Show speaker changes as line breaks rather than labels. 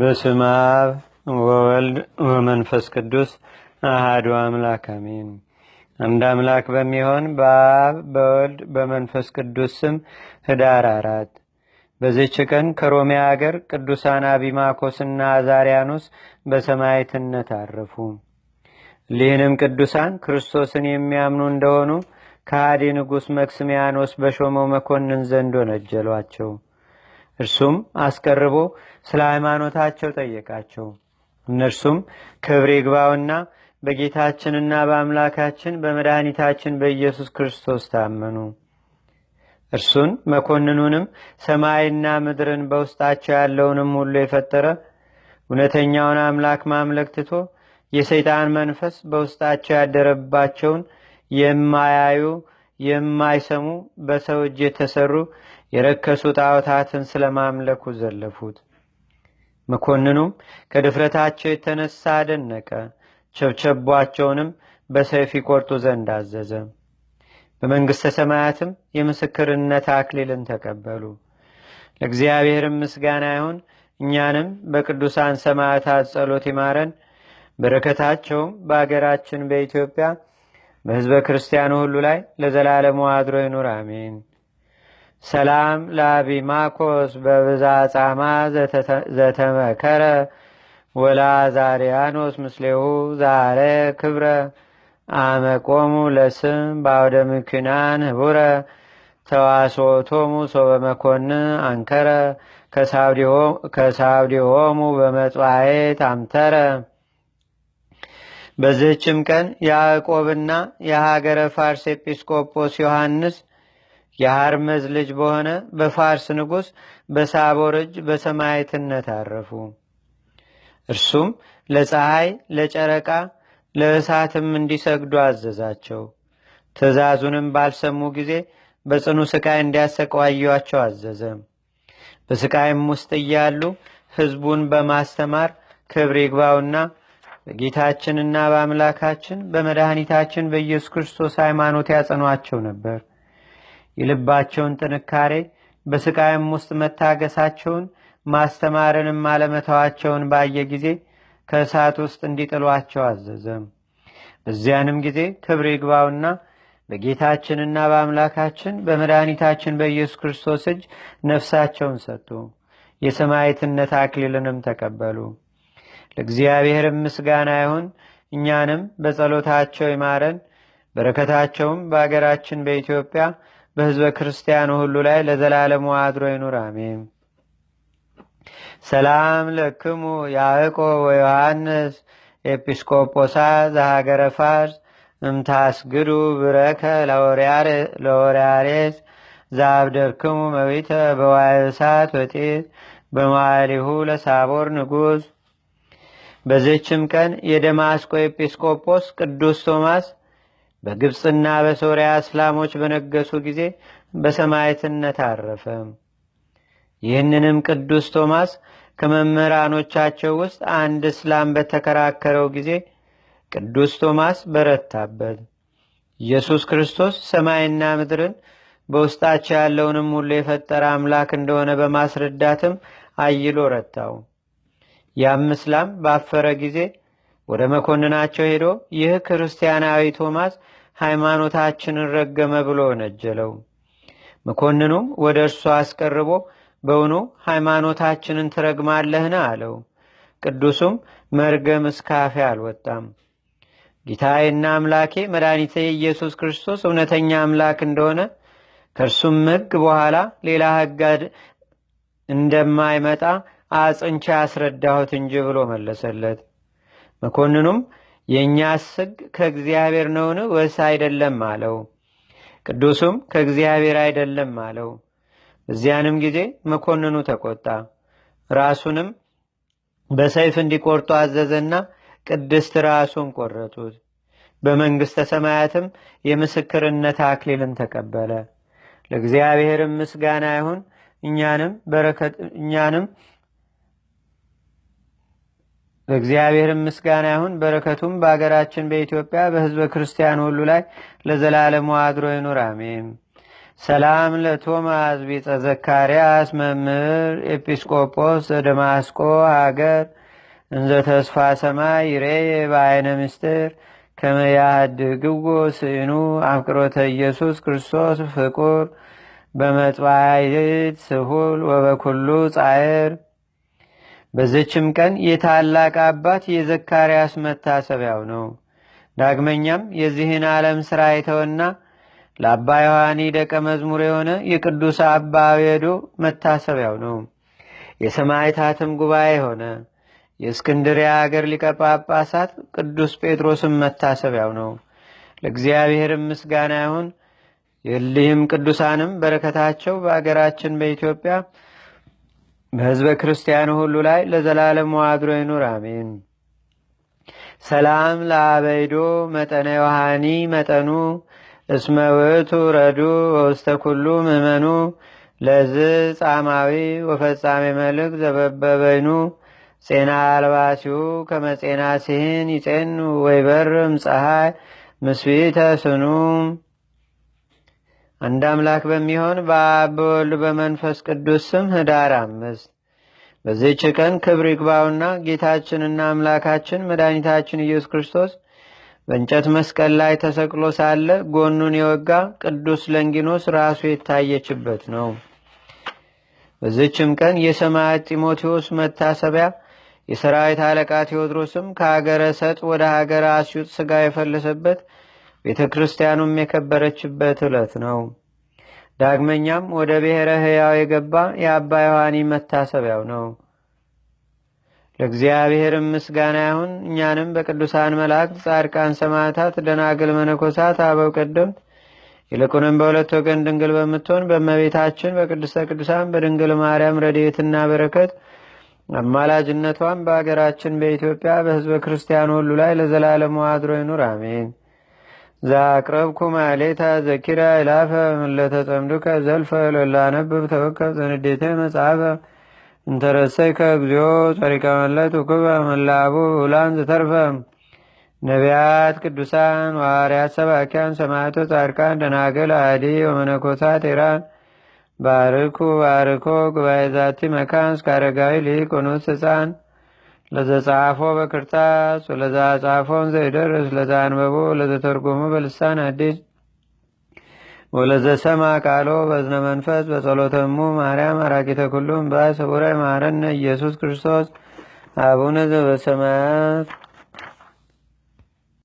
በስም አብ ወወልድ ወመንፈስ ቅዱስ አህዱ አምላክ አሜን። አንድ አምላክ በሚሆን በአብ በወልድ በመንፈስ ቅዱስ ስም ህዳር አራት በዚች ቀን ከሮሜ አገር ቅዱሳን አቢማኮስና አዛሪያኖስ በሰማዕትነት አረፉ። ሊህንም ቅዱሳን ክርስቶስን የሚያምኑ እንደሆኑ ከሃዲ ንጉሥ መክስሚያኖስ በሾመው መኮንን ዘንድ ወነጀሏቸው። እርሱም አስቀርቦ ስለ ሃይማኖታቸው ጠየቃቸው። እነርሱም ክብር ግባውና በጌታችንና በአምላካችን በመድኃኒታችን በኢየሱስ ክርስቶስ ታመኑ። እርሱን መኮንኑንም ሰማይና ምድርን በውስጣቸው ያለውንም ሁሉ የፈጠረ እውነተኛውን አምላክ ማምለክ ትቶ የሰይጣን መንፈስ በውስጣቸው ያደረባቸውን የማያዩ የማይሰሙ በሰው እጅ የተሰሩ የረከሱ ጣዖታትን ስለማምለኩ ዘለፉት። መኮንኑም ከድፍረታቸው የተነሳ አደነቀ። ቸብቸቧቸውንም በሰይፍ ይቆርጡ ዘንድ አዘዘ። በመንግሥተ ሰማያትም የምስክርነት አክሊልን ተቀበሉ። ለእግዚአብሔርም ምስጋና ይሁን። እኛንም በቅዱሳን ሰማዕታት ጸሎት ይማረን። በረከታቸውም በአገራችን በኢትዮጵያ በሕዝበ ክርስቲያኑ ሁሉ ላይ ለዘላለሙ አድሮ ይኑር። አሜን። ሰላም ላቢ ማኮስ በብዛ ጻማ ዘተመከረ ወላ ዛሪያኖስ ምስሌሁ ዛረ ክብረ አመቆሙ ለስም በአውደ ምኪናን ህቡረ ተዋሶቶሙ ሰው በመኮንን አንከረ ከሳውዲሆሙ በመጽዋዬ ታምተረ በዝህችም ቀን ያዕቆብና የሀገረ ፋርስ ኤጲስቆጶስ ዮሐንስ የሐርመዝ ልጅ በሆነ በፋርስ ንጉሥ በሳቦር እጅ በሰማይትነት አረፉ። እርሱም ለፀሐይ፣ ለጨረቃ፣ ለእሳትም እንዲሰግዱ አዘዛቸው። ትእዛዙንም ባልሰሙ ጊዜ በጽኑ ስቃይ እንዲያሰቃዩአቸው አዘዘ። በስቃይም ውስጥ እያሉ ህዝቡን በማስተማር ክብር ይግባውና በጌታችንና በአምላካችን በመድኃኒታችን በኢየሱስ ክርስቶስ ሃይማኖት ያጸኗቸው ነበር። የልባቸውን ጥንካሬ በስቃይም ውስጥ መታገሳቸውን ማስተማርንም አለመተዋቸውን ባየ ጊዜ ከእሳት ውስጥ እንዲጥሏቸው አዘዘም። በዚያንም ጊዜ ክብር ይግባውና በጌታችንና በአምላካችን በመድኃኒታችን በኢየሱስ ክርስቶስ እጅ ነፍሳቸውን ሰጡ። የሰማይትነት አክሊልንም ተቀበሉ። ለእግዚአብሔርም ምስጋና ይሁን። እኛንም በጸሎታቸው ይማረን፣ በረከታቸውም በአገራችን በኢትዮጵያ በህዝበ ክርስቲያኑ ሁሉ ላይ ለዘላለሙ አድሮ ይኑር። አሜን። ሰላም ለክሙ ያዕቆ ወዮሐንስ ኤጲስቆጶሳ ዘሀገረ ፋርስ እምታስግዱ ብረከ ለወርያሬስ ዘአብደርክሙ መዊተ በዋይሳት ወጤት በማሊሁ ለሳቦር ንጉሥ። በዘችም ቀን የደማስቆ ኤጲስቆጶስ ቅዱስ ቶማስ በግብፅና በሶርያ እስላሞች በነገሱ ጊዜ በሰማይትነት አረፈ። ይህንንም ቅዱስ ቶማስ ከመምህራኖቻቸው ውስጥ አንድ እስላም በተከራከረው ጊዜ ቅዱስ ቶማስ በረታበት። ኢየሱስ ክርስቶስ ሰማይና ምድርን በውስጣቸው ያለውንም ሁሉ የፈጠረ አምላክ እንደሆነ በማስረዳትም አይሎ ረታው። ያም እስላም ባፈረ ጊዜ ወደ መኮንናቸው ሄዶ ይህ ክርስቲያናዊ ቶማስ ሃይማኖታችንን ረገመ ብሎ ነጀለው። መኮንኑም ወደ እርሱ አስቀርቦ በውኑ ሃይማኖታችንን ትረግማለህን? አለው። ቅዱሱም መርገም እስካፌ አልወጣም። ጌታዬና አምላኬ መድኃኒቴ ኢየሱስ ክርስቶስ እውነተኛ አምላክ እንደሆነ ከእርሱም ህግ በኋላ ሌላ ህግ እንደማይመጣ አጽንቻ ያስረዳሁት እንጂ ብሎ መለሰለት። መኮንኑም የእኛ ሕግ ከእግዚአብሔር ነውን ወስ አይደለም አለው። ቅዱሱም ከእግዚአብሔር አይደለም አለው። በዚያንም ጊዜ መኮንኑ ተቆጣ። ራሱንም በሰይፍ እንዲቆርጡ አዘዘና ቅድስት ራሱን ቆረጡት። በመንግሥተ ሰማያትም የምስክርነት አክሊልን ተቀበለ። ለእግዚአብሔርም ምስጋና ይሁን እኛንም ለእግዚአብሔርም ምስጋና ይሁን። በረከቱም በአገራችን በኢትዮጵያ በህዝበ ክርስቲያን ሁሉ ላይ ለዘላለሙ አድሮ ይኑር፣ አሜን። ሰላም ለቶማስ ቤጸ ዘካርያስ መምህር ኤጲስቆጶስ ዘደማስቆ ሀገር እንዘ ተስፋ ሰማይ ይሬ በአይነ ምስጢር ግጎ ስእኑ አፍቅሮተ ኢየሱስ ክርስቶስ ፍቁር በመጥባይት ስሁል ወበኩሉ ጻየር በዘችም ቀን የታላቅ አባት የዘካርያስ መታሰቢያው ነው። ዳግመኛም የዚህን ዓለም ሥራ አይተውና ለአባ ዮሐኒ ደቀ መዝሙር የሆነ የቅዱስ አባ አብዶ መታሰቢያው ነው። የሰማይታትም ጉባኤ ሆነ። የእስክንድሪያ አገር ሊቀ ጳጳሳት ቅዱስ ጴጥሮስም መታሰቢያው ነው። ለእግዚአብሔርም ምስጋና ይሁን። የልህም ቅዱሳንም በረከታቸው በአገራችን በኢትዮጵያ በሕዝበ ክርስቲያኑ ሁሉ ላይ ለዘላለም አድሮ ይኑር፣ አሜን። ሰላም ለአበይዶ መጠነ ዮሐኒ መጠኑ እስመ ውእቱ ረዱ ወውስተ ኩሉ ምእመኑ ለዝ ጻማዊ ወፈጻሜ መልክ ዘበበበይኑ ጼና አልባሲሁ ከመጼና ሲህን ይጼን ወይበርም ፀሐይ ምስቢተ ስኑም አንድ አምላክ በሚሆን በአብ በወልድ በመንፈስ ቅዱስ ስም ህዳር አምስት በዚህች ቀን ክብር ይግባውና ጌታችንና አምላካችን መድኃኒታችን ኢየሱስ ክርስቶስ በእንጨት መስቀል ላይ ተሰቅሎ ሳለ ጎኑን የወጋ ቅዱስ ለንጊኖስ ራሱ የታየችበት ነው። በዚህችም ቀን የሰማያት ጢሞቴዎስ መታሰቢያ የሰራዊት አለቃ ቴዎድሮስም ከሀገረ ሰጥ ወደ ሀገረ አስዩጥ ስጋ የፈለሰበት ቤተ ክርስቲያኑም የከበረችበት ዕለት ነው። ዳግመኛም ወደ ብሔረ ሕያው የገባ የአባ ዮሐኒ መታሰቢያው ነው። ለእግዚአብሔርም ምስጋና ይሁን። እኛንም በቅዱሳን መላእክት፣ ጻድቃን፣ ሰማዕታት፣ ደናግል፣ መነኮሳት፣ አበው ቀደምት ይልቁንም በሁለት ወገን ድንግል በምትሆን በእመቤታችን በቅድስተ ቅዱሳን በድንግል ማርያም ረድኤትና በረከት አማላጅነቷም በአገራችን በኢትዮጵያ በሕዝበ ክርስቲያን ሁሉ ላይ ለዘላለሙ አድሮ ይኑር። አሜን። ዛቅረብኩ ማሌታ ዘኪራ ይላፈ ምለተጸምዱከ ዘልፈ ለላነብብ ተወከብ ዘንዴተ መጽሐፈ እንተረሰይ ከእግዚኦ ጸሪቀ መለት ውክበ መላቡ ውላን ዝተርፈ ነቢያት ቅዱሳን ዋርያት ሰባኪያን ሰማቶ ጻድቃን ደናገል አዲ ወመነኮሳት ኢራን ባርኩ ባርኮ ጉባኤ ዛቲ መካን ስካረጋዊ ልሂቅ ወኖስ ህፃን ለዘጻፎ በክርታስ ወለዛ ጻፎን ዘይደርስ ለዛ አንበቦ ለዘተርጎሞ በልሳን አዲስ ወለዘሰማ ቃሎ በዝነ መንፈስ በጸሎተሙ ማርያም አራቂተ ኩሉም ባሰቡራይ ማረነ ኢየሱስ ክርስቶስ አቡነ ዘበሰማያት